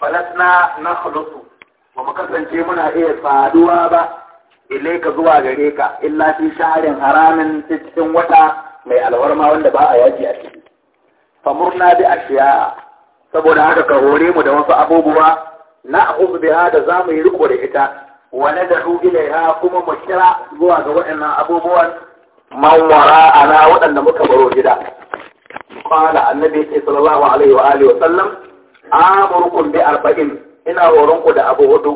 falasna na khulusu ba mu kasance muna iya faduwa ba ilaika zuwa gare ka illa fi sha'arin haramin cikin wata mai alwarma wanda ba a yaki a ciki famurna bi ashiya saboda haka ka hore mu da wasu abubuwa na biya da za mu yi riko da ita wani da ilaiha kuma mu kira zuwa ga waɗannan abubuwan manwara ana waɗanda muka baro gida qala annabi sallallahu alaihi wa alihi wa sallam amurkum bi arba'in ina horon ku da abu hudu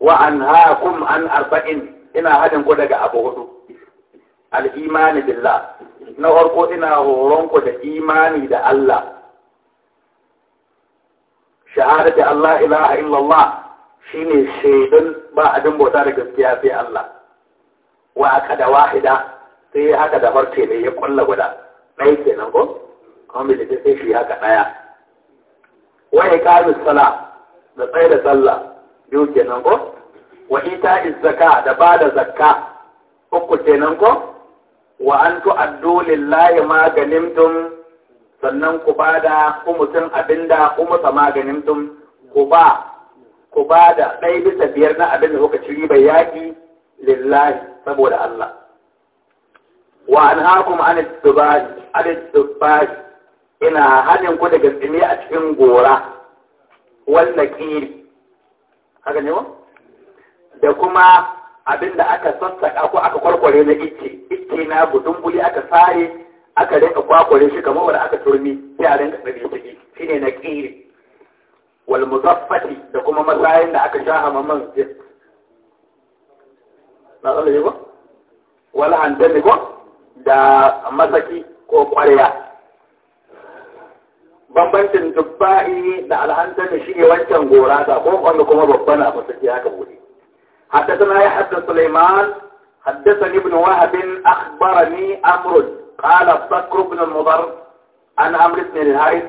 wa anhaakum an arba'in ina hadin ku daga abu hudu al-imani billah na farko ina horon ku da imani da Allah shahadati Allah ilaha illallah shine shaidan ba abin bauta da gaskiya sai Allah wa aka wahida sai haka da farce ne ya kulla guda ɗaya kenan ko kuma sai shi haka ɗaya wa iqamis sala da tsaye da sallah biyu kenan ko wa ita zaka da bada zakka uku kenan ko wa an tu'addu lillahi ma ganimtum sannan ku da ku mutum da ku musa maganin tun ku ba ku da ɗaya bisa biyar na abin da kuka ci riba yaƙi lillahi saboda Allah wa an hakum an dubbari ina hanin ku daga tsimi a cikin gora wanda kiri haka ne da kuma abin da aka sassaƙa ko aka kwarkware na icce icce na gudun budumbuli aka sare aka rinka kwakware shi kamar wanda aka turmi sai a rinka tsaye ciki shine na kiri wal muzaffati da kuma matsayin da aka shaha man na tsalle ko wal handan ko da masaki ko kwarya حدثنا يحيى بن سليمان حدثني ابن وهب اخبرني امر قال بكر بن المضر عن عمرو بن الحارث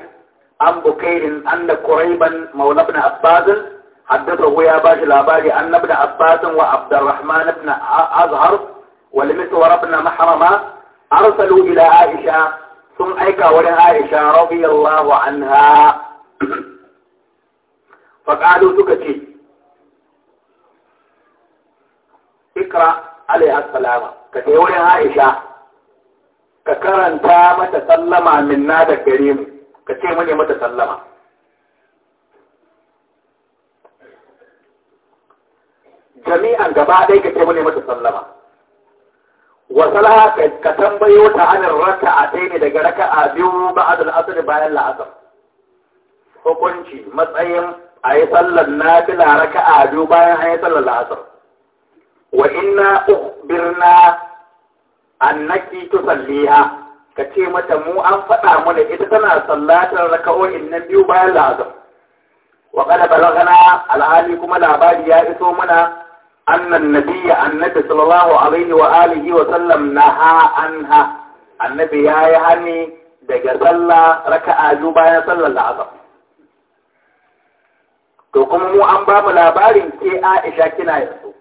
عن بكير ان قريبا مولى ابن عباس حدثه يا باشا الاباري ان ابن عباس وعبد الرحمن بن ازهر ولمسور بن محرمه ارسلوا الى عائشه sun aika wurin Aisha radiyallahu anha faƙalu suka ce ikra alaiha salama ka je wurin Aisha ka karanta mata sallama minna da gare mu ka ce mu ne mata sallama jami'an gaba ɗaya ka ce mu ne mata sallama wasalaha ka tambayo ta anin raka a ɗaya ne daga raka a biyu ba'ad asali bayan la'asar hukunci matsayin a yi sallar na fila raka a biyu bayan a yi sallar la'asar wa inna birna, annaki tusalliha ka ce mata mu an faɗa mana ita tana sallatar raka'o'in nan biyu bayan la'asar wa qad balagana al'adu kuma labari ya iso mana أن النبي النبي صلى الله عليه وآله وسلم نهى عنها النبي يا يهني daga sallah raka'a bayan sallar la'asar to kuma mu an ba mu labarin ke Aisha kina yanzu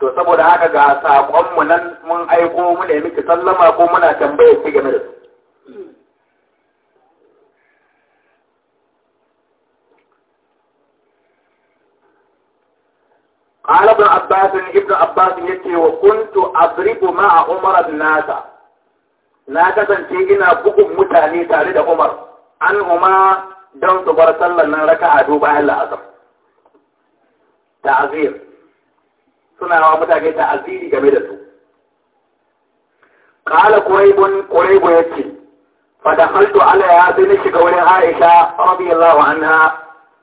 to saboda haka ga sakon mu nan mun aiko mu ne miki sallama ko muna tambayar ki game da su قال ابن عباس ابن عباس yace wa kuntu adribu a umar na kasance ina bugun mutane tare da umar an huma don su bar sallar nan raka biyu bayan la'asar ta'azir suna wa mutane ta'aziri game da su قال قريب قريب يبكي فدخلت عليها بنشك ولها عائشة رضي الله عنها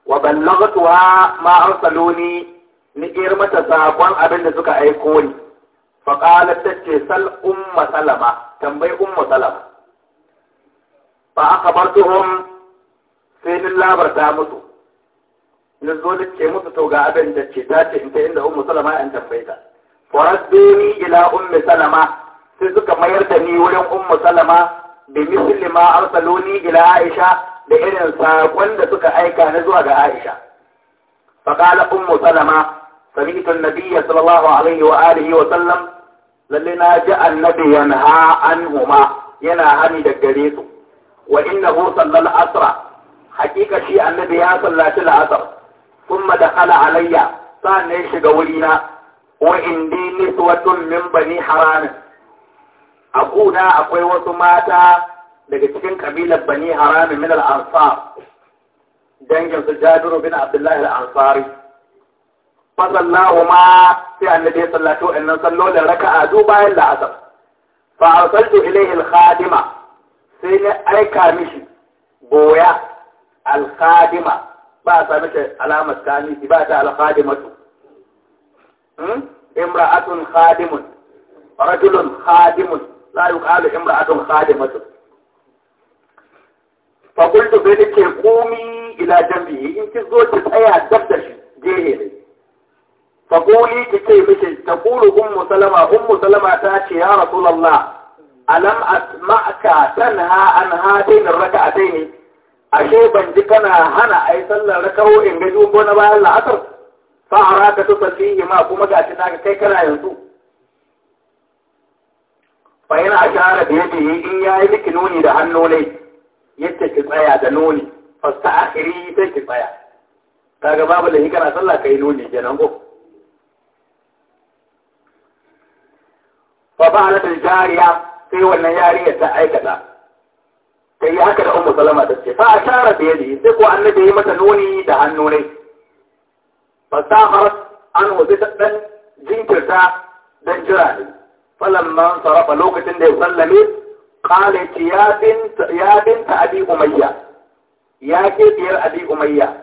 وبلغتها ما أرسلوني ni'ir mata sakon abin da suka aiko ni fa ta tace sal umma salama tambayi umma salama fa akhbartuhum sai ni labarta musu na zo da ce musu to ga abin da ce ta ce in ta inda umma salama an tambaye ta ni ila umma salama sai suka mayar da ni wurin umma salama bi misli ma arsaloni ila aisha da irin sakon da suka aika na zuwa ga aisha fa umma salama سمعت النبي صلى الله عليه وآله وسلم لنا جاء النبي ينهى عنهما ينا هني دكريته وإنه صلى الأسرى حقيقة شيء النبي صلى الأسرى ثم دخل علي صان نيش قولينا وإندي نسوة من بني حران أقونا أقوي وسماتا لكتكين قبيلة بني حرام من الأنصار دنجل سجادر بن عبد الله الأنصاري fasallahuma sai annabi ya sallato innan sallolin raka'a du bayan la'asar fa arsaltu ilayhi al-khadima sai na aika mishi boya al-khadima ba sa mishi alamar tani ba ta al-khadimatu imra'atun khadimun rajulun khadimun la yuqalu imra'atun khadimatu fa qultu bi dike qumi ila jambihi in ki zo ki tsaya dab da shi gehe ne فقولي تكي مكي تقول أم سلمة أم سلمة تأتي يا رسول الله ألم أسمعك تنهى عن هاتين الركعتين أشي بنجكنا هنا أي صلى ركعو إن جزوم بنا بها العصر فأراك تصليه ما كما جاتناك كي كنا ينسو فإن أشعر بيده يا لك نوني ده النوني يتك صيا ده نوني فاستأخري تك صيا kaga babu da kana sallah kai nuni kenan فبعلت الجارية في والنجارية تأيكتا كي أكد أم سلمة تسكي فأشارت يدي سقوا أن نجي متنوني دهنوني فالتاخرت أنه زيتت من جنكرتا دنجراني فلما انصرف لوكة اللي وسلمت قالت يا بنت يا بنت أبي أمية يا كيف يا أبي أمية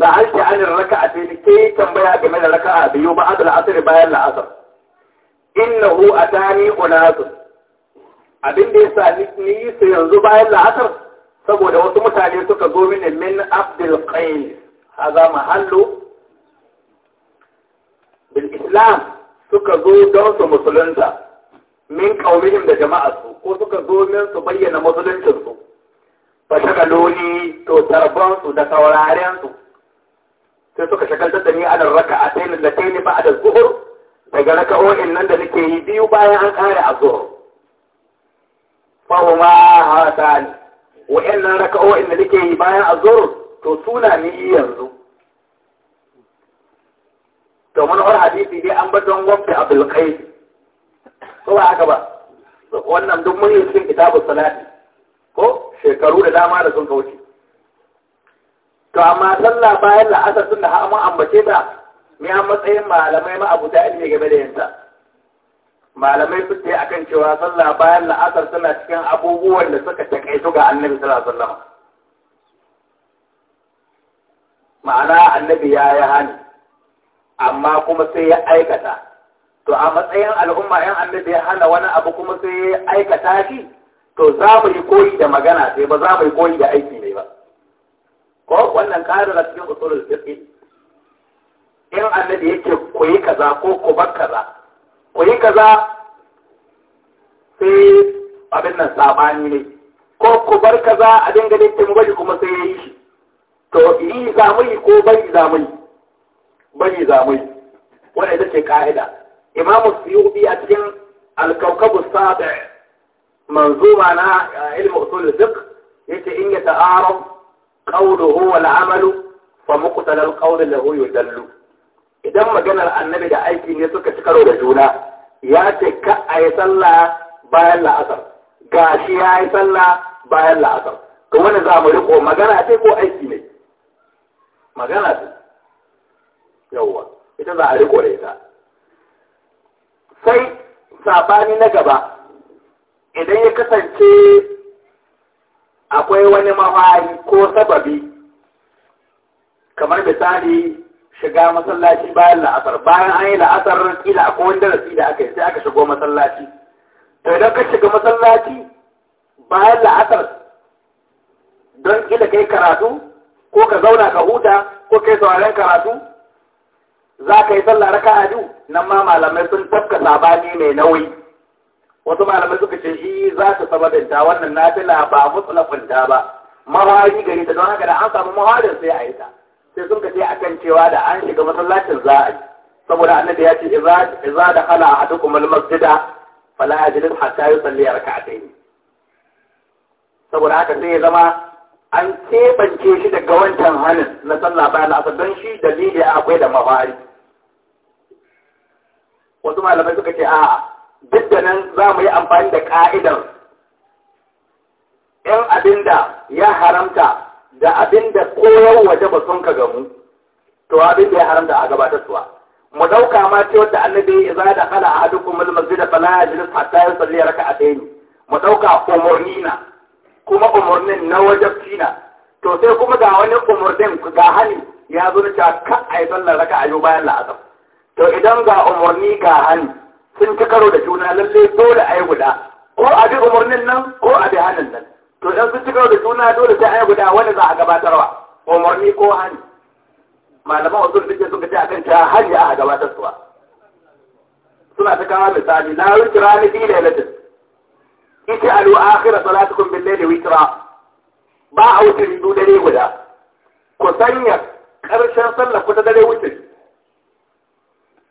سألت عن الركعة لكي تنبيع بمن الركعة بيوبا أدل العصر بيان العصر innahu atani unasun abin da yasa ni yi su yanzu bayan la'asar saboda wasu mutane suka zo mini min abdul qais haza mahallu bil islam suka zo don su musulunta min kaumihim da jama'arsu ko suka zo min su bayyana musuluncinsu ba shagaloni to tarbansu da saurarensu sai suka shagaltar da ni anan raka'atayn latayn ba'da zuhur daga raka'o'in nan da nake yi biyu bayan an kare a ma azhar fahuma wa'in nan raka'o'in da nake yi bayan a zuwa to suna ni yanzu to mun har hadisi dai an baton wabda a qais ko ba haka ba wannan duk mun yi cikin kitabus salati ko shekaru da dama da sun kauce to amma sallah bayan la'asar tun da ha'amun ambace ta Ni an matsayin malamai ma abu da ilimi game da yinsa malamai su ce akan cewa sallah bayan la'asar tana cikin abubuwan da suka takaitu ga annabi sallallahu alaihi wasallam ma'ana annabi ya yi hani amma kuma sai ya aikata to a matsayin al'umma yan annabi ya hana wani abu kuma sai ya aikata shi to za mu yi koyi da magana sai ba za mu yi koyi da aiki ne ba ko wannan karin cikin usulul fiqh in annabi yake koyi kaza ko ku bar kaza Koyi kaza sai abin nan sabani ne ko ku bar kaza a dinga da yake bari kuma sai yayi shi to yi za yi ko bari za yi bari za mu yi wannan ita ce ka'ida imamu suyubi a cikin alkaukabu sabi manzuma na eh, ilmi usul fiqh yace in ya ta'arab qawluhu wal amalu fa muqtal al qawl lahu yudallu idan maganar annabi da aiki ne suka ci karo da juna ya ce ka a yi sallah bayan la'asar ga shi ya yi sallah bayan la'asar to wani za mu riko magana ce ko aiki ne magana ce yawwa ita za a riko da ita sai sabani na gaba idan ya kasance akwai wani mafari ko sababi kamar misali shiga masallaci bayan la'asar bayan an yi la'asar kila akwai wani darasi da aka yi sai aka shigo masallaci to idan ka shiga masallaci bayan la'asar don kila kai karatu ko ka zauna ka huta ko kai sauraren karatu za ka yi sallah raka a biyu nan ma malamai sun tafka sabani mai nauyi wasu malamai suka ce shi za ta sababinta wannan nafila ba mutsulafinta ba mawari gari ta don haka da an samu mawarin sai a yi ta sai sun kace akan cewa da an shiga masallacin za a saboda annabi ya ce za da a duk umar masjida fala yajlis hatta yusalli rak'atayn saboda haka sai ya zama an kebance shi daga wancan hannun na sallah bayan asar don shi dalili akwai da mafari wasu malamai suka ce a'a duk da nan za mu yi amfani da ka'idar in abinda ya haramta da abin da koyar waje ba sun ka gamu to abin da ya haramta a gabatar suwa mu dauka ma ce wata annabi idza da khala ahadukum al masjid fala raka hatta yusalli ne. mu dauka na kuma umarnin na wajabci na to sai kuma ga wani umarnin ga hani ya zo ni ta ka a yi sallar raka'a bayan la'asar to idan ga umarni ga hani sun ci karo da juna lallai dole a yi guda ko a bi umarnin nan ko a bi hanin nan to dan sun cika da juna dole sai ayi yi guda wani za a gabatarwa umarni ko hani malaman usul suke suka ce akan ta hali a gabatar suwa suna ta kawo misali na wikira ni fi lailatin ita alu akhira salatukum bil laili witra ba a wuce ridu dare guda ku sanya karshen sallah ku ta dare wuce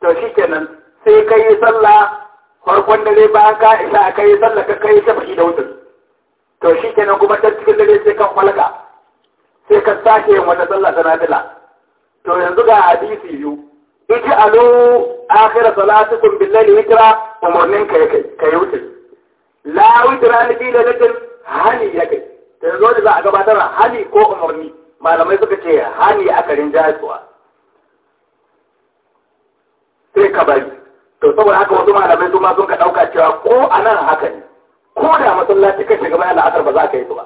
to shikenan sai kai sallah farkon dare bayan ka isa kai sallah ka kai shafi da wuce to shi kenan kuma ta cikin dare sai kan falka sai ka sake yin wata sallah ta nafila to yanzu ga hadisi biyu alu akhir salatikum billahi witra umurnin kai kai kai wuce la witra ni bi lalatin hali yake to yanzu da za a gabatar hali ko umurni malamai suka ce hali a karin jasuwa sai ka bari to saboda haka wasu malamai su ma sun ka dauka cewa ko anan haka ne ko da masallaci ka shiga bayan la'asar ba za ka yi su ba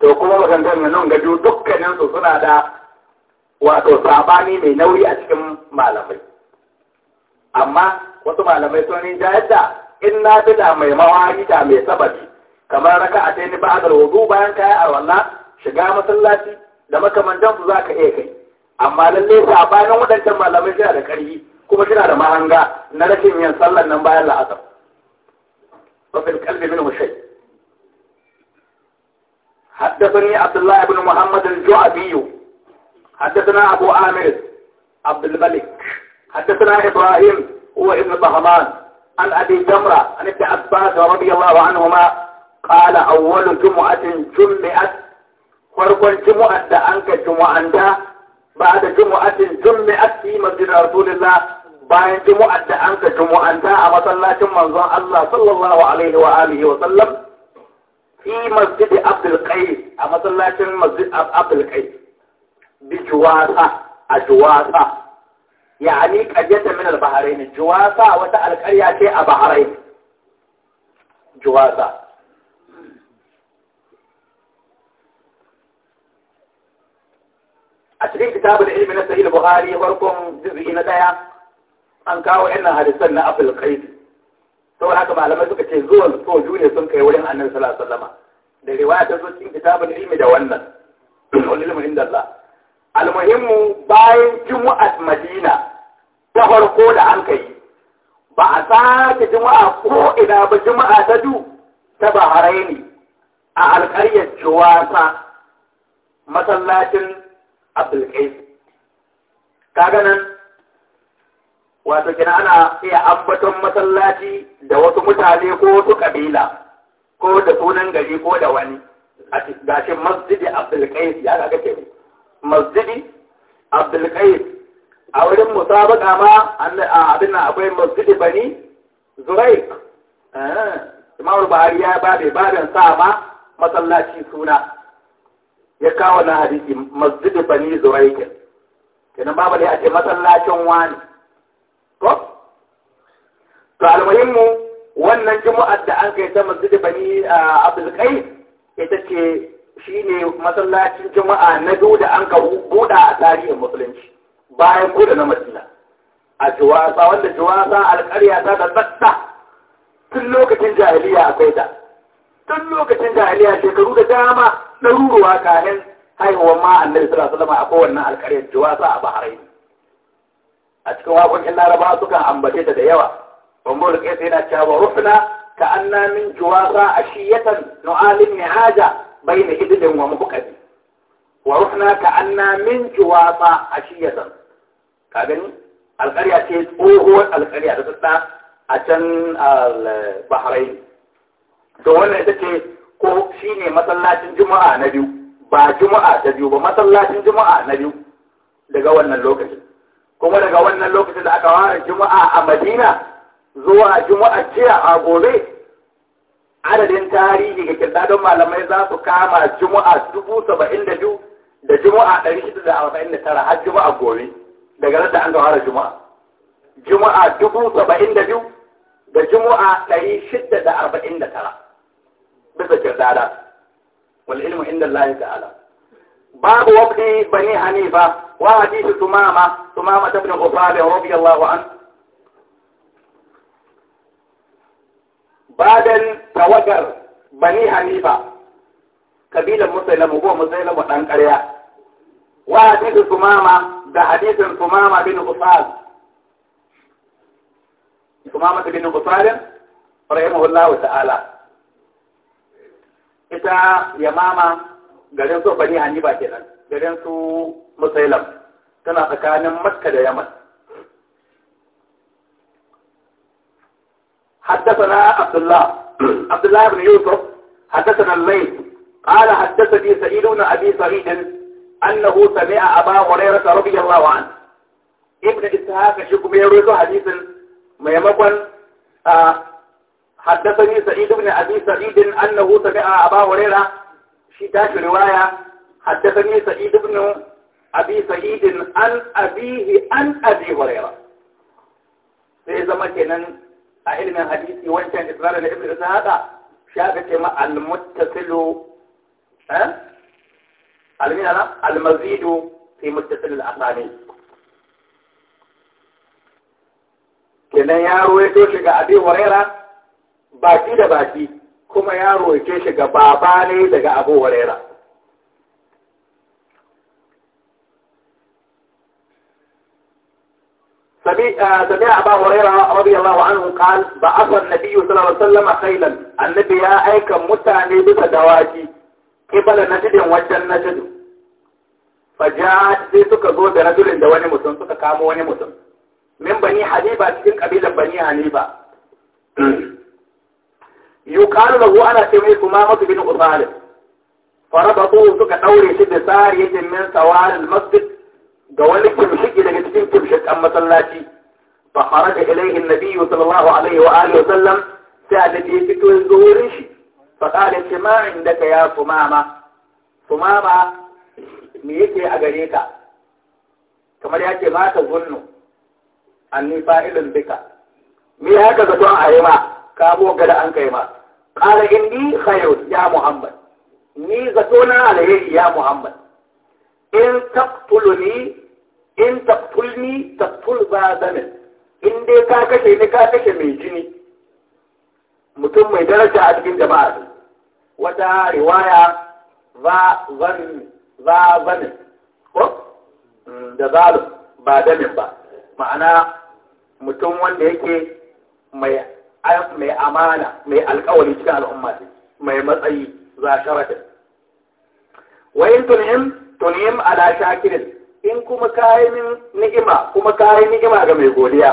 to kuma maganganun nan gado dukkanin su suna da wato sabani mai nauyi a cikin malamai amma wasu malamai sun yi jayar in na bida mai mawari da mai sabari kamar raka a ni ba'adar wudu bayan a wannan shiga masallaci da makamantan su za ka iya kai amma lalle sabanin waɗancan malamai suna da ƙarfi kuma suna da mahanga na rashin yin sallar nan bayan la'asar وفي القلب منه شيء حدثني عبد الله بن محمد الجعبي حدثنا أبو عامر عبد الملك حدثنا إبراهيم هو ابن طهمان عن أبي جمرة عن ابن عباس رضي الله عنهما قال أول جمعة جمعت فرقا جمعة أنك جمعة بعد جمعة جمعت في مسجد رسول الله bayan jumu'ar da an ka jumu'anta a masallacin manzon Allah sallallahu alaihi wa alihi wa sallam fi masjid Abdul Qais a masallacin masjid Abdul Qais bi juwasa a juwasa yani qaryatan min al-bahrain juwasa wata alƙarya ce a bahrain juwasa a cikin kitabul ilmi na sahih bukhari farkon juz'i na daya an kawo ina hadisan na abul qaid saboda haka malamai suka ce zuwan soju ne sun kai wurin annabi sallallahu alaihi wasallam da riwaya ta zo cikin kitabul ilmi da wannan wal ilmi inda Allah almuhimmu bayan jumu'at madina ta farko da an kai ba a sake juma'a ko ina ba juma'a ta du ta baharaini a alƙaryar juwasa masallacin abdulkais kaga nan wato kina ana iya ambaton masallaci da wasu mutane ko wasu kabila ko da sunan gari ko da wani a gashin masjidi abdulkais ya ga ke masjidi abdulkais a wurin musabaka ma abin nan akwai masjidi bani zuraik eh, imamu bahari ya babe baben sa ma masallaci suna ya kawo na hadisi masjidi bani zuraik kenan babu da ya ce masallacin wani to almuhimmu wannan juma'ar da an kai ta masjid bani abdul kai ita ce shine masallacin juma'a na biyu da an ka buɗa a tarihin musulunci bayan buɗe na madina a juwasa wanda juwasa alƙarya ta da tsatta tun lokacin jahiliya akwai ta tun lokacin jahiliya shekaru da dama ɗaruruwa kanin haihuwar ma annabi sallallahu alaihi wasallam a kowanne alƙaryar juwasa a bahrain a cikin waƙoƙin laraba sukan ambace ta da yawa ومبور kai هنا na cewa كأننا ka anna أشية juwasa ashiyatan بين ni ومبكد bayna كأننا wa muqadi أشية كابن ka anna min juwasa ashiyatan ka gani alƙarya ce tsohuwar alƙarya da ko shine masallacin juma'a na biyu ba juma'a ta biyu ba masallacin juma'a na biyu daga wannan lokacin kuma daga wannan lokacin da aka ware juma'a a madina zuwa juma'a jiya a gobe adadin tarihi ga kirdadon malamai za su kama juma'a dubu saba'in da biyu da juma'a ɗari shida da arba'in da tara har juma'a gobe daga nan da an gawara juma'a juma'a dubu saba'in da biyu da juma'a ɗari shida da arba'in da tara bisa kirdada wal ilmu inda Allah ta'ala babu wabdi bani hanifa wa hadithu tumama tumama ibn ubad radiyallahu anhu Badan tawagar bani hanifa kabilan musailamu ko musailamu dan ƙarya wa hadithu sumama da hadithin sumama bin qusal sumama bin qusal rahimahullahu ta'ala ita yamama garin su bani hanifa kenan garin su musailam tana tsakanin makka da yaman حدثنا عبد الله عبد الله بن يوسف حدثنا الليل قال حدثني سعيد بن أبي سعيد أنه سمع أبا هريرة رضي الله عنه ابن إسحاق شكم يروي حديثا ميمكن آه، حدثني سعيد بن أبي سعيد أنه سمع أبا هريرة في شتاش رواية حدثني سعيد بن أبي سعيد عن أبيه عن أبي هريرة سيزمكن a ilimin hadisi wancan israr da ibn ishaqa shaka ce ma al-muttasilu eh al-mina al-mazidu fi muttasil al-asani kenan ya ruwaito shi ga abi huraira baki da baki kuma ya ruwaito shi ga daga abu huraira سمع أبا هريرة رضي الله عنه قال بعث النبي صلى الله عليه وسلم خيلا النبي يا أيك متاني بس دواجي قبل نجد وجن نجد فجاءت سي سكا زو برجل دواني مسلم سكا كامو واني مسلم من بني حنيبة تكين قبيلة بني حنيبة يقال له أنا سمي سمامة بن غطالب فربطوه سكا دوري شد سارية من سوال المسجد ga wani kimshiki daga cikin kimshikan masallaci fa kharaja ilayhi an-nabiy sallallahu alaihi wa alihi wa sallam sai annabi ya fito ya zo wurin shi fa qala ce ma indaka ya sumama sumama me yake a gare ka kamar ya ce ma ta zunnu anni fa'ilun bika me ya ka zato a yi ma ka boga da an kai ma qala indi khayrun ya muhammad ni zato na alheri ya muhammad in taqtuluni in taqtulni taqtul ne. in dai ka kashe ni ka kashe mai jini mutum mai daraja a cikin jama'a ne wata riwaya ba zan ba zan ko mm, da zalim ba damin ba ma'ana mutum wanda yake mai mai amana mai alkawari cikin al'umma ce mai matsayi za sharatin wa in tunhim tunhim ala shakirin in kuma kayi ni'ima kuma kayi ni'ima ga mai godiya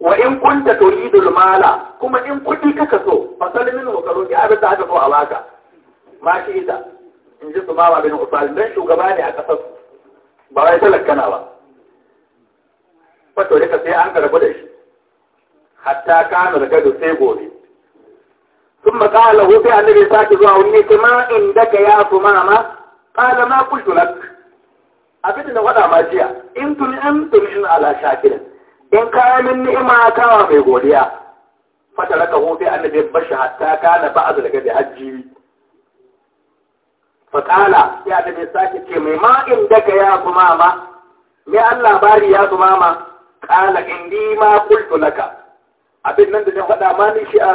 wa in kunta turidul mala kuma in kudi kaka so fasal min wa karo ya abin da aka so a baka ma shi ita in ji su mama bin usal dan shugaba ne a kasar ba wai talakkana ba fato duka sai an karbu da shi hatta kana da gado sai gobe sun makala hufi annabi sake zuwa wani ma inda ka ya su mama ƙala ma kultu lak abin da faɗa ma jiya in tun an turishin ala shakirin in kayan ni'ima kawa mai godiya fata raka hofi annabi bashi hatta kana ba'd daga da hajji fa kala ya da sake ce mai ma in daga ya kuma ma me Allah bari ya kuma ma kala indi ma qultu laka abin nan da na faɗa ma ni shi a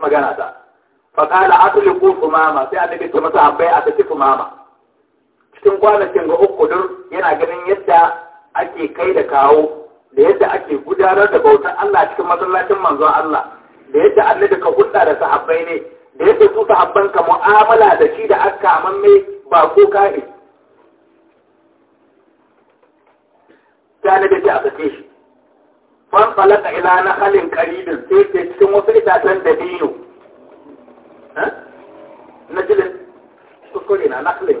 magana ta fa kala atliqu kuma ma sai annabi ta masa abai a tafi kuma ma cikin kwanakin ga uku dur yana ganin yadda ake kai da kawo da yadda ake gudanar da bautar Allah cikin masallacin manzon Allah da yadda annabi ka hulɗa da sahabbai ne da yadda su sahabban ka mu'amala da shi da aka amamme ba ko kai ta ne da a sake shi fan falaka ila na halin kalilin sai ke cikin wasu itacen da biyu eh? na jilin kuskure na nakalin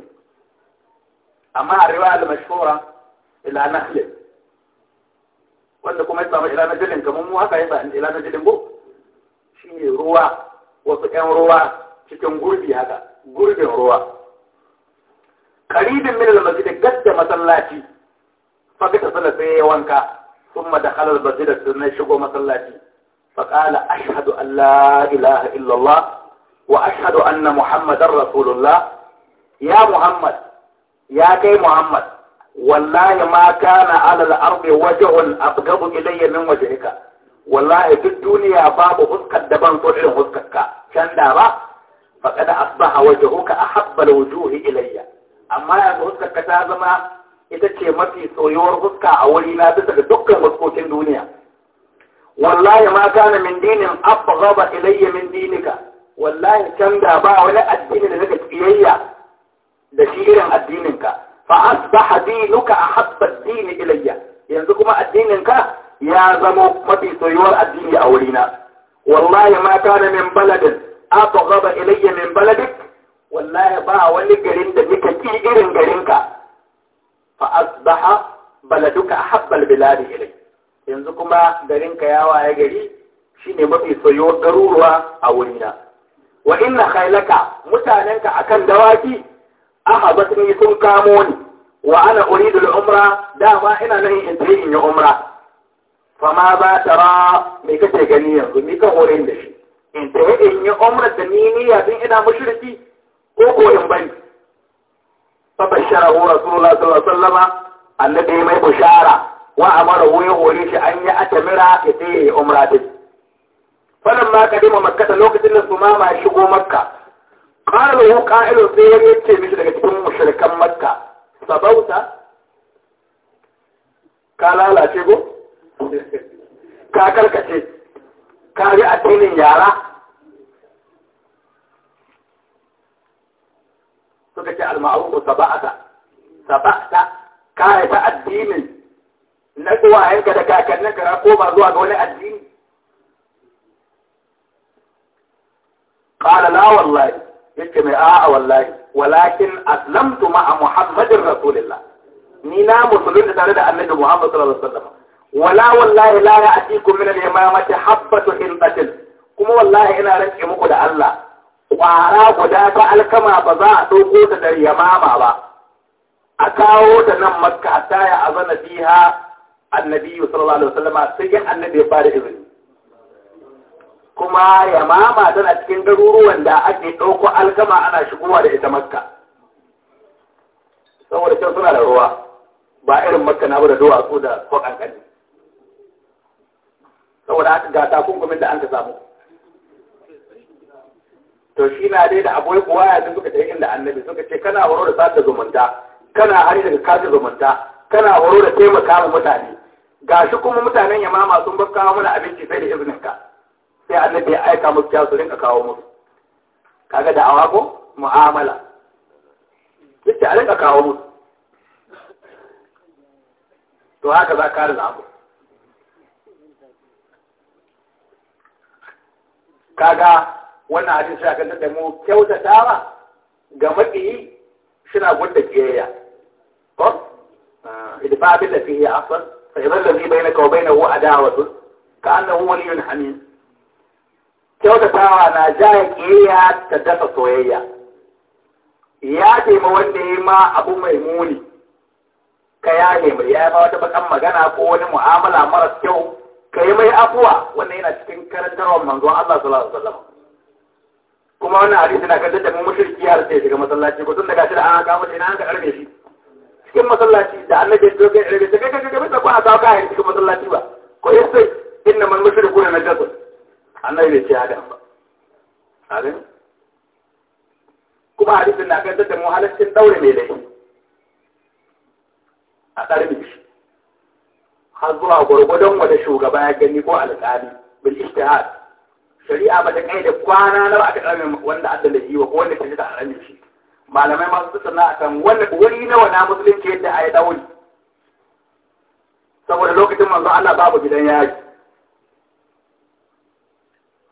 أما الرواية المشهورة إلى نهل وأنكم يطلب إلى نجل كم هو أيضا إلى نجل بو شيء روا وسكن روا شكن قلبي هذا قلبي روا قريب من المسجد قد مسلاتي فقط صلى في وانك ثم دخل المسجد نشقه مسلاتي فقال أشهد أن لا إله إلا الله وأشهد أن محمد رسول الله يا محمد ya kai Muhammad wallahi ma kana alal ardi wajhun abgabu ilayya min wajhika wallahi duk duniya babu fuskar daban ban so irin huskarka can da ba faqad asbaha wajhuka ahabba alwujuhi ilayya amma yanzu huskarka ta zama ita ce mafi soyuwar fuska a wuri na bisa ga dukkan huskokin duniya wallahi ma kana min dinin abghaba ilayya min dinika wallahi can da ba wani addini da nake tsiyayya da shi irin addininka fa asbaha dinuka ahabba ad-din ilayya yanzu kuma addininka ya zama mafi soyuwar addini a wurina wallahi ma kana min baladin abghaba ilayya min baladik wallahi ba wani garin da nika ki irin garinka fa asbaha baladuka ahabba al-bilad ilayya yanzu kuma garinka ya waye gari shine mafi soyuwar garuruwa a wurina wa inna khailaka mutanenka akan dawaki أخذتني يكون كامون وأنا أريد العمرة ما إنا نهي انتهي إني عمرة فما ذا ترى ميكا تغنيا ميكا هورين دشي انتهي إني عمرة دنيني يابين إنا مشركي كوكو ينبني فبشره رسول الله صلى الله عليه وسلم النبي ما بشارة وأمره يقولي أن يأتمر يتيه عمرة دي فلما قدم مكة لوكت الناس ما شقوا مكة قال له قائل sai wani yace mishi daga cikin mushrikan makka sabauta ka lalace ko ka karkace ka bi addinin yara suka ce al-ma'ruf sabata sabata ka ta addinin na uwayenka da kakannin ka koma zuwa ga wani addini qala la wallahi yake mai a'a wallahi walakin aslamtu ma'a muhammadin rasulillah ni na musulun da tare da annabi muhammad sallallahu alaihi wasallam wala wallahi la ya'tikum min al-yamamati habbatu hinqatin kuma wallahi ina rantse muku da Allah kwara guda ta alkama ba za a ɗauko ta da yamama ba a kawo ta nan makka a taya a zana fiha annabi sallallahu alaihi wasallam sai annabi ya fara izini kuma yamama tana cikin garuruwan da ake ɗauko alkama ana shigowa da ita makka saboda can suna da ruwa ba irin makka na da duwatsu da kwakankani saboda haka ga takunkumin da an ka samu to shi na dai da abuwa kuwa ya sun suka yi inda annabi suka ce kana horo da sata zumunta kana hari daga kasa zumunta kana horo da taimaka wa mutane gashi kuma mutanen yamama sun bakkawa mana abinci sai da izinin ka sai annabi ya aika musu ya su rinka kawo musu kaga da awa ko mu'amala sai a rinka kawo musu to haka za ka rinka abu kaga wannan hadisi ya kanta da mu kyautata ma ga maƙiyi suna gudda kiyayya ko idan idfa bil lati hiya afdal fa bayyana alladhi bayyana wa bainahu adawatun ka annahu waliyun hamim kyautatawa na jaya ƙiyayya ta dafa soyayya ya ma wanda ya ma abu mai muni ka ya mai ya ma wata bakan magana ko wani mu'amala mara kyau ka yi mai afuwa wannan yana cikin karantarwar manzo, Allah sallallahu alaihi wasallam kuma wannan hadisi na kan da mu mushriki ya rasa shiga masallaci ko tun daga shi da an ka mutu ina an ka karbe shi cikin masallaci da annabi ya doge rabe ta kai kai kai ba ko a sauka a cikin masallaci ba ko yace inna man na najasun annabi bai ce hakan ba hakan kuma hadisin na kan da mu halaccin daure mai laifi a ƙarfi har zuwa gwargwadon wata shugaba ya gani ko alƙali bil ishtihad shari'a ba ta da kwana na ba aka ƙarfi wanda adda da wa ko wanda ji da haramin shi malamai masu tsana kan wanda wuri nawa na musulunci yadda yi dauri saboda lokacin manzo Allah babu gidan yaji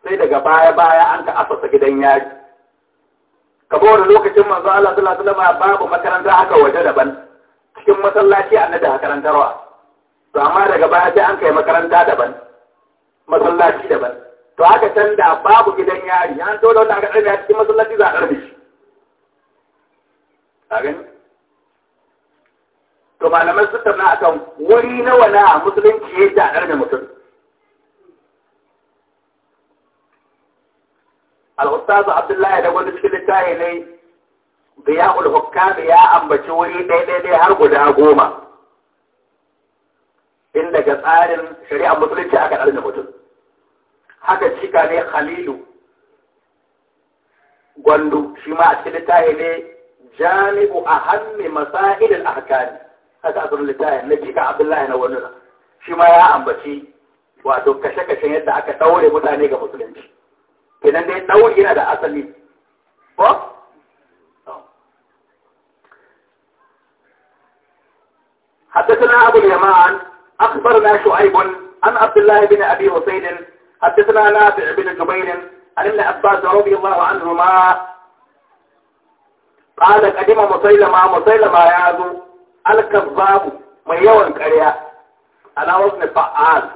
sai daga baya baya an ka asasa gidan yari kabowar lokacin manzo Allah sallallahu alaihi wasallam babu makaranta haka waje daban cikin masallaci annabi da karantarwa to amma daga baya sai an kai makaranta daban masallaci daban to haka can da babu gidan yari an to da wanda aka tsaya cikin masallaci za a karbe shi a gani to malamai sun tattauna akan wuri nawa na musulunci ya ji a karbe mutum ustazu abdullahi da wani cikin littafi ne biya ulhukkam ya ambaci wuri ɗaya har guda goma in daga tsarin shari'a musulunci aka ɗarni mutum haka cika ne khalilu gwandu shi ma a cikin littafi ne jami'u a hannu masa'ilin ahkami haka asirin littafi na cika abdullahi na wani shi ma ya ambaci wato kashe-kashen yadda aka ɗaure mutane ga musulunci kenan dai ɗauri yana da asali ko حدثنا أبو اليمان أخبرنا شعيب عن عبد الله بن أبي حسين حدثنا نافع بن جبير عن ابن عباس رضي الله عنهما قال قدم مسيلمة مسيلمة يازو الكذاب من يوم كريا على وزن فعال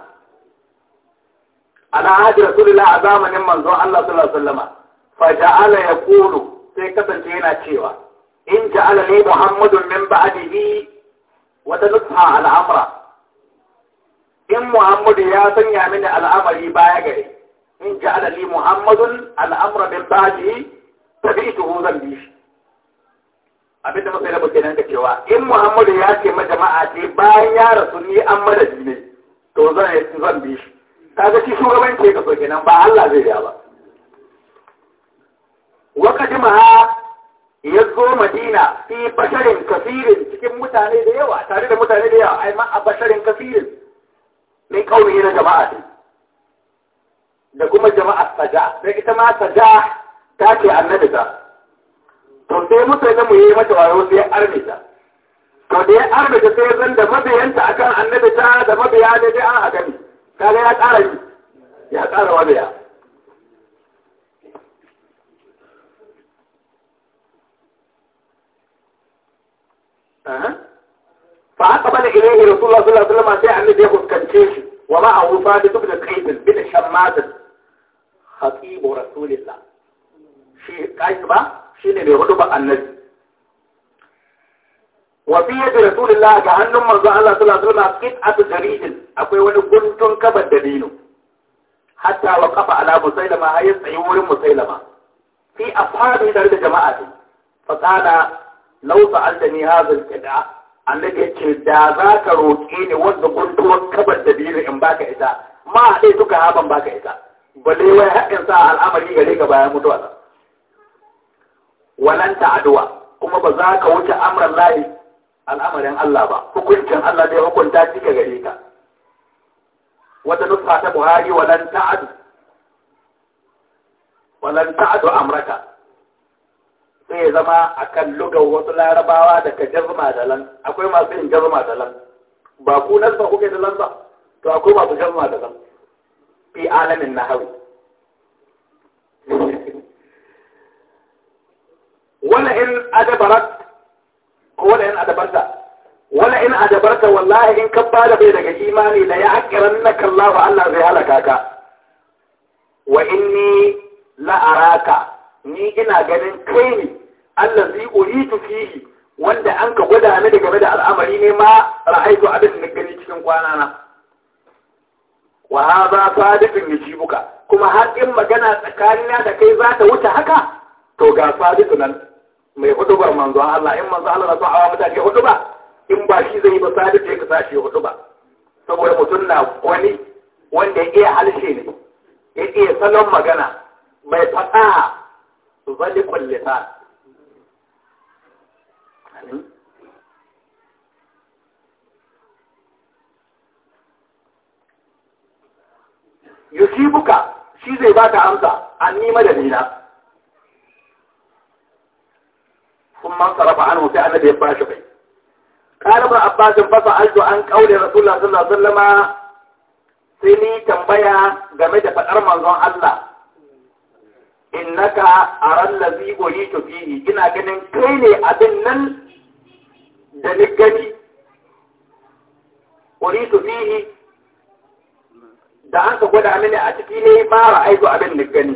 ala hadi rasulullah a zamanin manzon Allah sallallahu alaihi wasallam fa ja'ala yaqulu sai kasance yana cewa in ja'ala li muhammadun min ba'dihi wata nusha al'amra in muhammadu ya sanya mini al'amari baya gare in ja'ala li muhammadun al'amra min ba'dihi tabi'tuhu zan bi shi abinda muka yi rabu nan da cewa in muhammadu ya ce ma jama'a ce bayan ya rasu ni an madadi ne to zan zan bi shi هذا كي شو غبين كي كفو كينا با الله زي جابا وقت مها يزو مدينة في بشر كثير تكي متاني ديوا تاري دي متاني ديوا اي ما بشر كثير من قومه لجماعة لكم جماعة سجاة بيك تما سجاة تاكي النبتا تنتي متاني مهيمة وعوزي أرميتا تنتي أرميتا تيزن دمبي انت أكا النبتا دمبي عادي دي آه أدمي kaga ya ƙara yi ya ƙara wadaya fa aka bane ilaihi rasulullah sallallahu alaihi wasallam sai annabi ya fuskance shi wa ma ahu sadiq bi da shan matan, khatibu rasulillah shi kai ba shine mai hudu ba annabi wa yadda da rasulullah ga hannun manzo Allah sallallahu alaihi wasallam qit'atu jaridin akwai wani guntun kabar da dino hatta wa qafa ala musailama har ya tsayi wurin musailama fi ashabi da da jama'a din fa qala law sa'altani hadha al-qida annabi yace da za ka roƙe ni wanda guntun kabar da dino in baka ita ma dai duka haban baka ita balle wai haɗin sa al'amari gare ka bayan mutuwa walanta aduwa kuma ba za ka wuce amran lahi al'amarin Allah ba hukuncin Allah zai hukunta shi ka gare ka wata nufa ta Buhari walan ta'adu walan ta'adu amraka sai ya zama kan lugar wasu larabawa daga jazma da lan akwai masu yin jazma da lan ba ku ba kuke da lan ba to akwai masu jazma da lan fi alamin nahawi wala in adabarat wala in adabarta wala in adabarta wallahi in ka bada bai daga imani la ya'qirannaka na wa Allah zai halaka ka wa inni la araka ni ina ganin kai ne zai uritu fihi wanda an ka gwada ni game da al'amari ne ma ra'aitu abin da gani cikin kwana na wa hadha sadiqun yajibuka kuma har in magana tsakanina da kai za ta wuce haka to ga sadiqun nan mai hudu ba manzon Allah in manzon Allah zai hawa mutane hudu ba in ba shi zai yi ba sai da ka sashi hudu ba saboda mutum na wani wanda ya iya halshe ne ya iya salon magana mai fasaha zali kullita yusibuka shi zai baka amsa an nima da nina kun man عنه anhu sai annabi ya bashi عباس qala ibn abbas fa sa'altu an qawli rasulullah sallallahu alaihi sai ni tambaya game da fadar manzon Allah innaka aral ladhi goyitu fihi ina ganin kai abin da an ka gwada mini a ciki ne fara aiko abin ni gani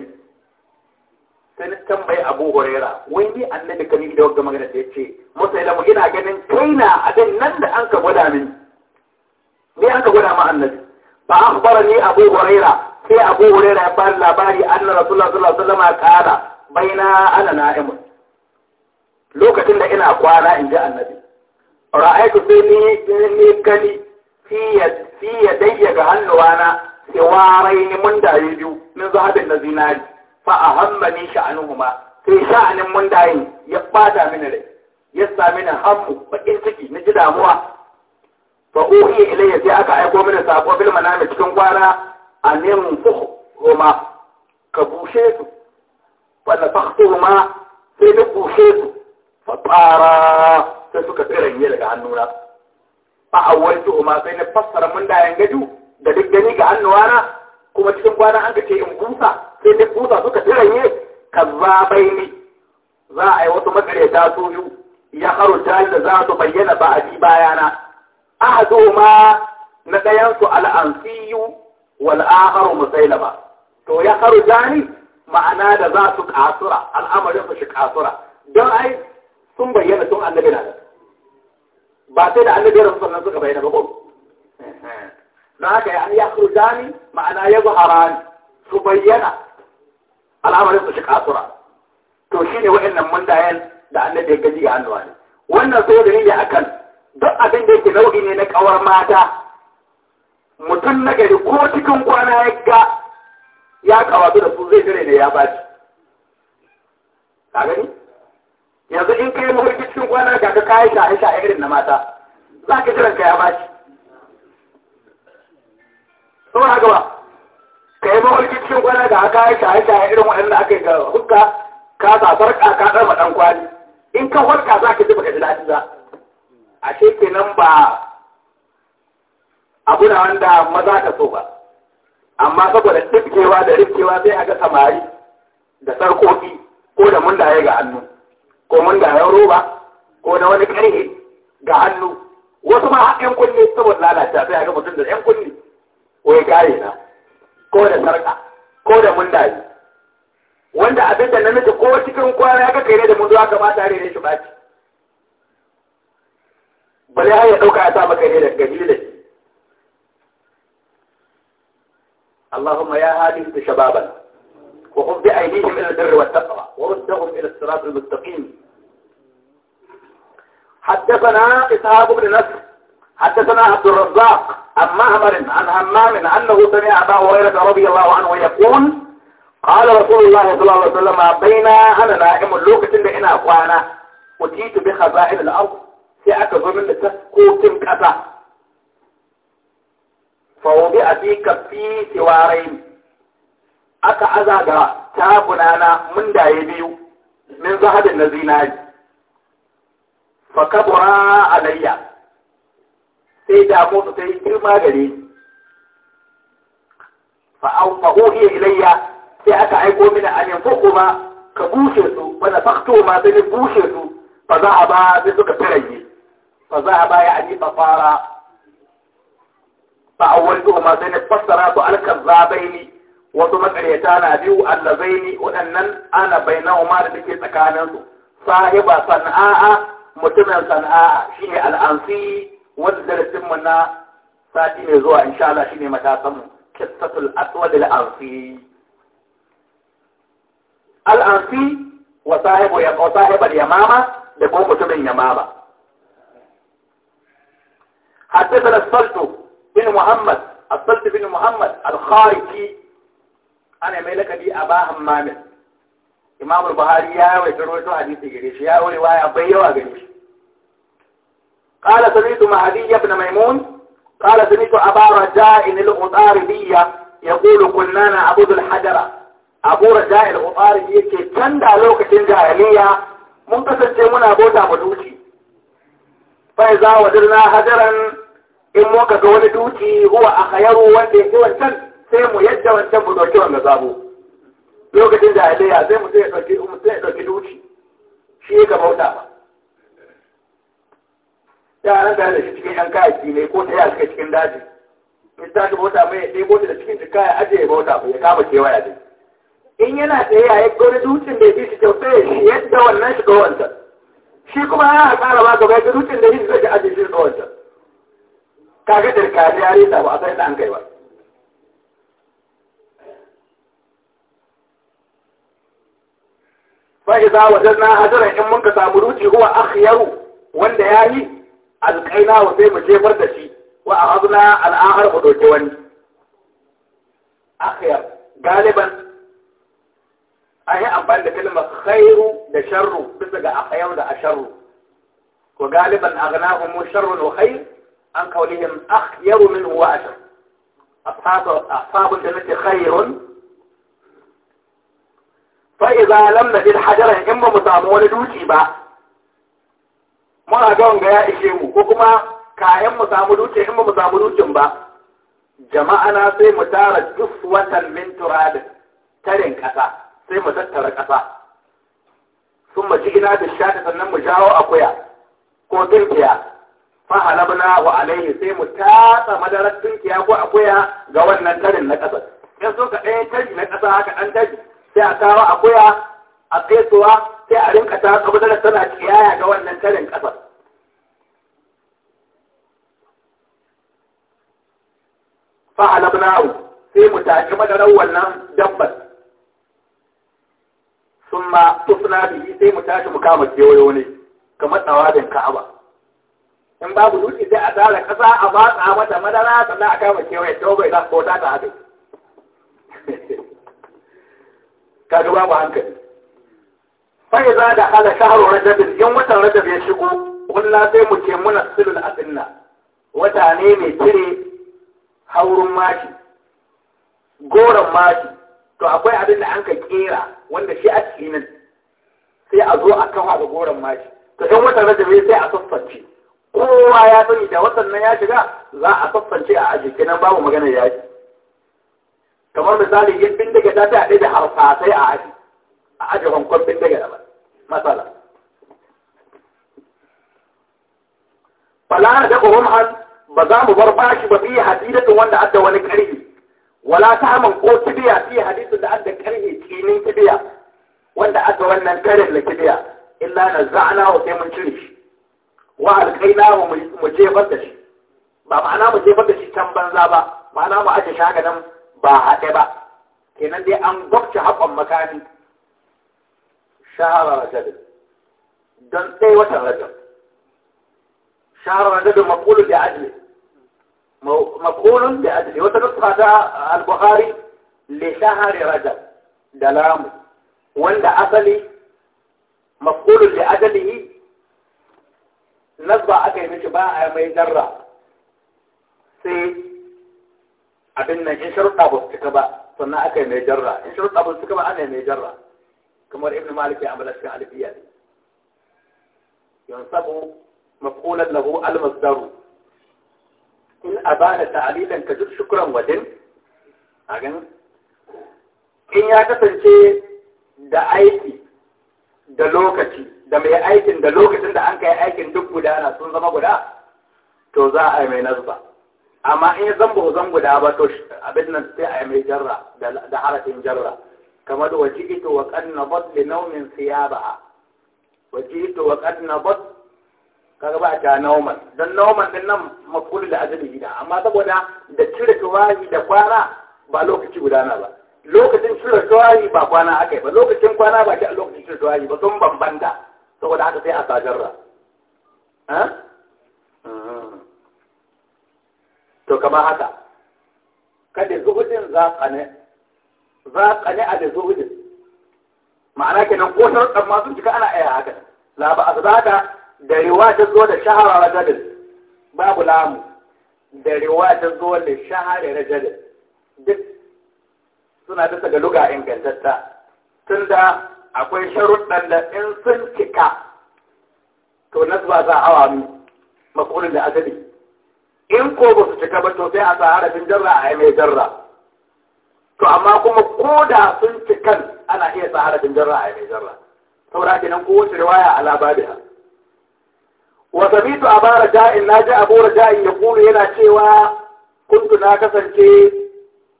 sai na tambayi abu horera wai ni annabi kani da wagga magana ta yace musa ilamu ina ganin na abin nan da an ka gwada min ni an ka gwada ma annabi fa akhbara ni abu horera sai abu horera ya bani labari anna rasulullah sallallahu alaihi wasallam qala baina ana na'imun lokacin da ina kwana in ji annabi ra'aytu sai ni ni gani fi ya ga hannuwana sai warai ni mun dare biyu min zahabin na zinari fa a ni sha'anuhuma sai sha'anin mun dayin ya bata mini rai ya sami na hammu bakin ciki na ji damuwa fa uhiya ilayya sai aka aiko mini sako bil manami cikin kwana anin fuhu huma ka bushe su fa na nafakhtuhuma sai na bushe su fa tsara sai suka tsira yi daga hannuna fa awaitu huma sai na fassara mun dayan gaju da duk gani ga hannuwana kuma cikin kwana an ce in kusa, sai ta kusa suka Ka kazzabai ne za a yi wasu makareta su biyu ya haruta da za su bayyana ba a bayana ahadu ma na ɗayansu al'ansiyu wal akharu musailama to ya haruta ni ma'ana da za su kasura al'amarin su shi kasura don ai sun bayyana tun annabi na ba sai da annabi rasulullah suka bayyana ba ko don haka ya ya kurjani ma'ana ya zuharani su bayyana al'amarin shi kasura to shi ne wa'annan mundayen da annabi ya gaji ga hannuwa ne wannan so da ne akan duk abin da yake nau'i ne na kawar mata mutum na gari ko cikin kwana ya ya kawatu da su zai jire ne ya baci yanzu in kai mahurki cikin kwana kaka ka kayi shahe irin na mata za ka jiran ka ya baci kuma haka ba ka yi mawarki cikin kwana da haka ya shaye shaye irin waɗanda aka yi gara hukka ka sa farka ka ɗarma ɗan kwali in ka farka za ka ji baka ji daɗi ba shekai nan ba abu na wanda maza ka so ba amma saboda ɗibkewa da rifkewa sai a ga samari da sarƙoƙi ko da mundaye ga hannu ko mundayen roba ko da wani ƙarhe ga hannu wasu ma 'yan kunne saboda lalata sai a ga mutum da 'yan kunne Wai ya na ko da sarka ko da mundaye wanda abin da namiji ko cikin kwana ya kai ne da mundu aka ba tare ne shi baci bale ya dauka ya sa maka ne da gajile اللهم يا هادي شبابا وخذ بأيديهم إلى البر والتقوى وردهم إلى الصراط المستقيم حدثنا إسحاق بن نصر حدثنا عبد الرزاق عن معمر عن همام أنه سمع أبا هريرة رضي الله عنه يقول قال رسول الله صلى الله عليه وسلم بين أنا نائم اللوكة اللي إنا أخوانا أتيت بخزائن الأرض في أكثر من تسكوت كذا فوضع في كفي سوارين aka aza ga tabuna na mundaye biyu min zahadin na zinari fakabura alayya sai damu su yi girma gare ni fa au fa uhiya ilayya sai aka aiko mini an yanzu kuma ka bushe su wanda fakto ma sai bushe su fa za a ba sai suka tarayi fa za a ba ya ani ba fara fa awwaltu ma sai na fassara su ni. wasu makaryata na biyu allazaini waɗannan ana bainahuma da take tsakaninsu sahiba sana'a mutumin sana'a shine al'ansi wanda darasin mu na sati mai zuwa insha Allah shine matakan mu qissatul aswad al-ansi al-ansi wa sahibu ya wa sahibul yamama da kuma mutumin yamama حدثنا الصلت بن محمد الصلت بن محمد الخارجي أنا ملك دي أبا همام إمام البخاري يا ويتروي حديث جريش يا ورواية بيوا جريش قال سمعت مهدي بن ميمون قال سمعت أبا رجاء الأطاربية يقول كنا نعبد الحجر أبو رجاء a كي كان دا لوكة جاهلية منتصر جيمنا بوتا بدوشي فإذا وجدنا حجرا in muka ga wani duki huwa a kayaru wanda yake wancan sai mu yadda wancan mu ɗauki wanda zabo lokacin da ya sai mu sai ya ɗauki mu duki shi ka bauta ba yaran da shi cikin yan kayaki ne ko yi suka cikin daji in ta mota mai ya ɗebo da cikin jika ya ajiye bauta mai ya kama kewaya ne. in yana tsaye ya gori dutsen da ya fi shi kyautar ya shi yadda wannan shi kawanta shi kuma ya kara ba gaba yadda dutsen da ya fi shi ajiye shi shiga wancan kaga dirka ne ya ta ba a san da an kai ba fa'iza wajen na hajjara in mun ka samu ruci huwa akhyaru wanda yi alkaina wa sai mu jefar da shi wa ahabna al'ahar ku doke wani akhir galiban ayi amfani da kalmar khairu da sharru bisa ga akhayar da asharru ko galiban aghnahum sharru wa khair an qawlihim akhyaru min huwa ashar ashabu ashabu jannati khairun fa idza lam nadil hajara in ba mu samu wani duci ba muna ga wanga ya ishe mu ko kuma kayan mu samu in mu samu dukin ba jama'a na sai mu tara duk watan min turad tarin kasa sai mu tattara kasa sun ji ina da shata sannan mu jawo akuya ko tunkiya fa halabna wa alaihi sai mu tatsa madarar tunkiya ko akuya ga wannan tarin na kasa in so ka ɗaya tari na kasa haka ɗan taji sai a kawo akuya a tsesuwa sai a rinka ta kabbalar tana kiyaya ga wannan tarin kasar fa'alabnahu sai mu tafi madarar wannan dabbar summa tusna bihi sai mu tashi mu kama kewayo ne kamar tsawadin ka'aba in babu dutse sai a tsara kasa a batsa mata madara sannan a kama kewaye ta bai za ko ta ta ka kaga babu hankali fa za da ala shahru rajab in watan rajab ya shigo kullu sai mu ce muna silul adinna wata ne mai cire haurin mashi goron mashi to akwai abin da an ka kera wanda shi a cikin sai a zo a kafa da goron mashi to in watan rajab sai a saffance kowa ya sani da watan nan ya shiga za a saffance a aji kenan babu magana yaki kamar misali yin bindiga ta ta da harsasai a aji a aje hankon bin daga da ba matsala fala da ƙoron an ba za mu bar bashi ba fiye hadidatun wanda adda wani ƙarfi wala ta haman ko kibiya fiye hadisun da adda ƙarfi tsinin kibiya wanda adda wannan karin da kibiya illa na za'ana wa sai mun cire shi wa alƙaina mu jefar da shi ba ma'ana mu jefar da shi can banza ba ma'ana mu aje shaganan ba haɗe ba kenan dai an gwabce haƙon makami shahara rajab don ɗaya watan rajab shahara rajab maqulun da ajli maqulun da ajli wata nufa ta al-bukhari li shahari rajab da lamu wanda asali maqulun da ajlihi nazba aka yi mishi ba a mai zarra sai abin nan in sharuɗa ba su cika ba sannan aka yi mai jarra in sharuɗa ba su cika ba ana yi mai jarra kamar ibn malik ya ambata cikin alfiya ne yansabu maf'ulan lahu al-masdaru in abana ta'lilan ka duk shukran wadin a in ya kasance da aiki da lokaci da mai aikin da lokacin da an kai aikin duk guda gudana sun zama guda to za a yi mai nazba amma in ya ba zan guda ba to abin nan sai a yi mai jarra da harafin jarra kamar waji'tu wa ƙanna bot nabat li nawmin thiyaba waji'tu wa ƙanna bot kaga ba ta nauman don nauman din nan mafulu da azali gida amma saboda da cire tuwayi da kwana ba lokaci gudana ba lokacin cire tuwayi ba kwana akai ba lokacin kwana ba a lokacin cire tuwayi ba sun bambanta saboda haka sai a sajarra hmm. to kamar haka kada zuhudin za ka ne za a ne a da zuhudin ma'ana ke nan kotar ɗan sun cika ana aya haka la a azbata da riwa ta zo da shahara rajulin babu lamu da riwa ta zo da shahara rajulin duk suna bisa ga luga ingantatta da akwai sharuɗan da in sun cika to zuwa za a awami makonin da asali in ko ba su cika ba to sai a sa harafin jarra a yi mai jarra to amma kuma ko da sun ci kan ana iya tsara jin jarra a mai jarra saboda haka nan kowace riwaya a lababiha wa sabitu bara ja'in na ji abu ja'in ya kuru yana cewa kuntu na kasance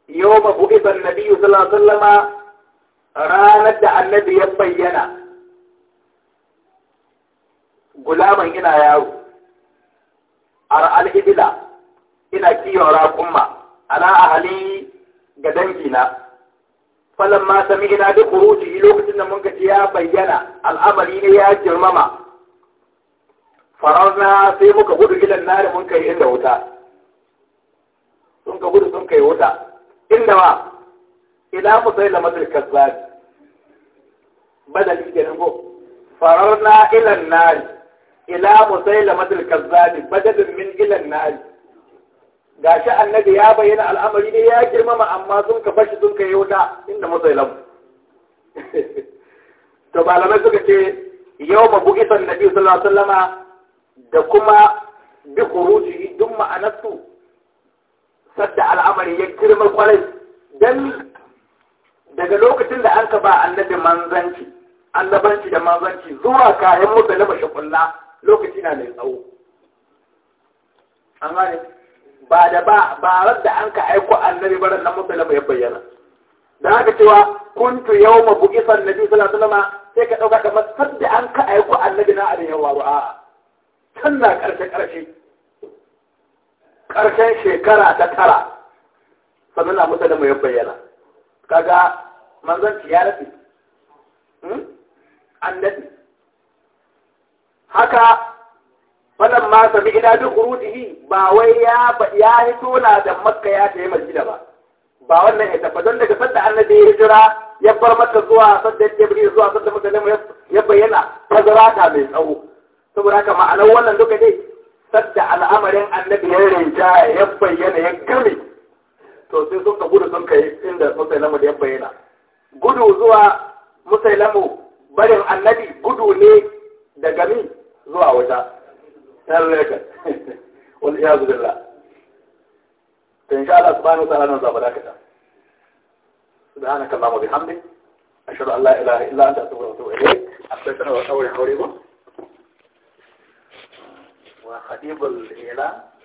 yau ma ban nabiyyu sallallahu alaihi sallama ranar da annabi ya bayyana gulaman ina yaro ar al ina kiyon raƙumma ala ahli ga dangina falamma sami'na duk khuruji lokacin da mun ga ya bayyana al'amari ne ya girmama Farar na sai muka gudu gidan na da mun kai inda wuta sun ka gudu sun kai wuta inda ma ila musaila matul kazzab badal kenan go fararna ila nari ila musaila matul kazzab badal min ila nari Ga shi annabi ya bayyana al'amari ne ya girmama amma sun ka fashi sun ka yi wuta inda lamu to malamai suka ce yau ma bugi san nabi sallallahu alaihi wasallama da kuma bi khuruji duk ma'anarsu sadda al'amari ya girma kwarai dan daga lokacin da an ka ba annabi manzanci annabanci da manzanci zuwa kayan musulma kulla lokaci na mai tsawo an gane ba da ba ba da an ka aiko annabi baran nan musulma ya bayyana da haka cewa kuntu yawma bu'isa annabi sallallahu alaihi wasallam sai ka dauka kamar sadda an ka aiko annabi na abin yawa ru'a can na karshe karshe karshen shekara ta tara sannan na musulma ya bayyana kaga manzanci ya rafi hmm? annabi haka falan ma sami ila duk rudihi ba wai ya ya hito na da makka ya tayi madina ba ba wannan ita ba don daga sanda annabi ya hijira ya bar makka zuwa sanda ya tabbiri zuwa sanda musulmi ya bayyana tazara ta mai tsawo saboda haka ma'ana wannan duka dai sanda al'amarin annabi ya rinja ya bayyana ya gami to sai sun ka gudu sun kai inda musailamu da ya bayyana gudu zuwa musailamu barin annabi gudu ne da gami zuwa wata tallaka wal iyazu billah to insha Allah subhanahu wa ta'ala nan subhanaka allahumma bihamdik ashhadu an la ilaha illa anta astaghfiruka wa atubu ilayk astaghfiruka wa atubu ilayk